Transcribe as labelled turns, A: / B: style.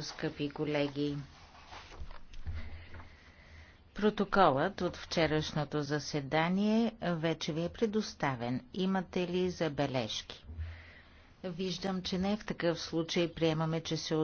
A: скъпи колеги! Протоколът от вчерашното заседание вече ви е предоставен. Имате ли забележки? Виждам, че не в такъв случай. Приемаме, че се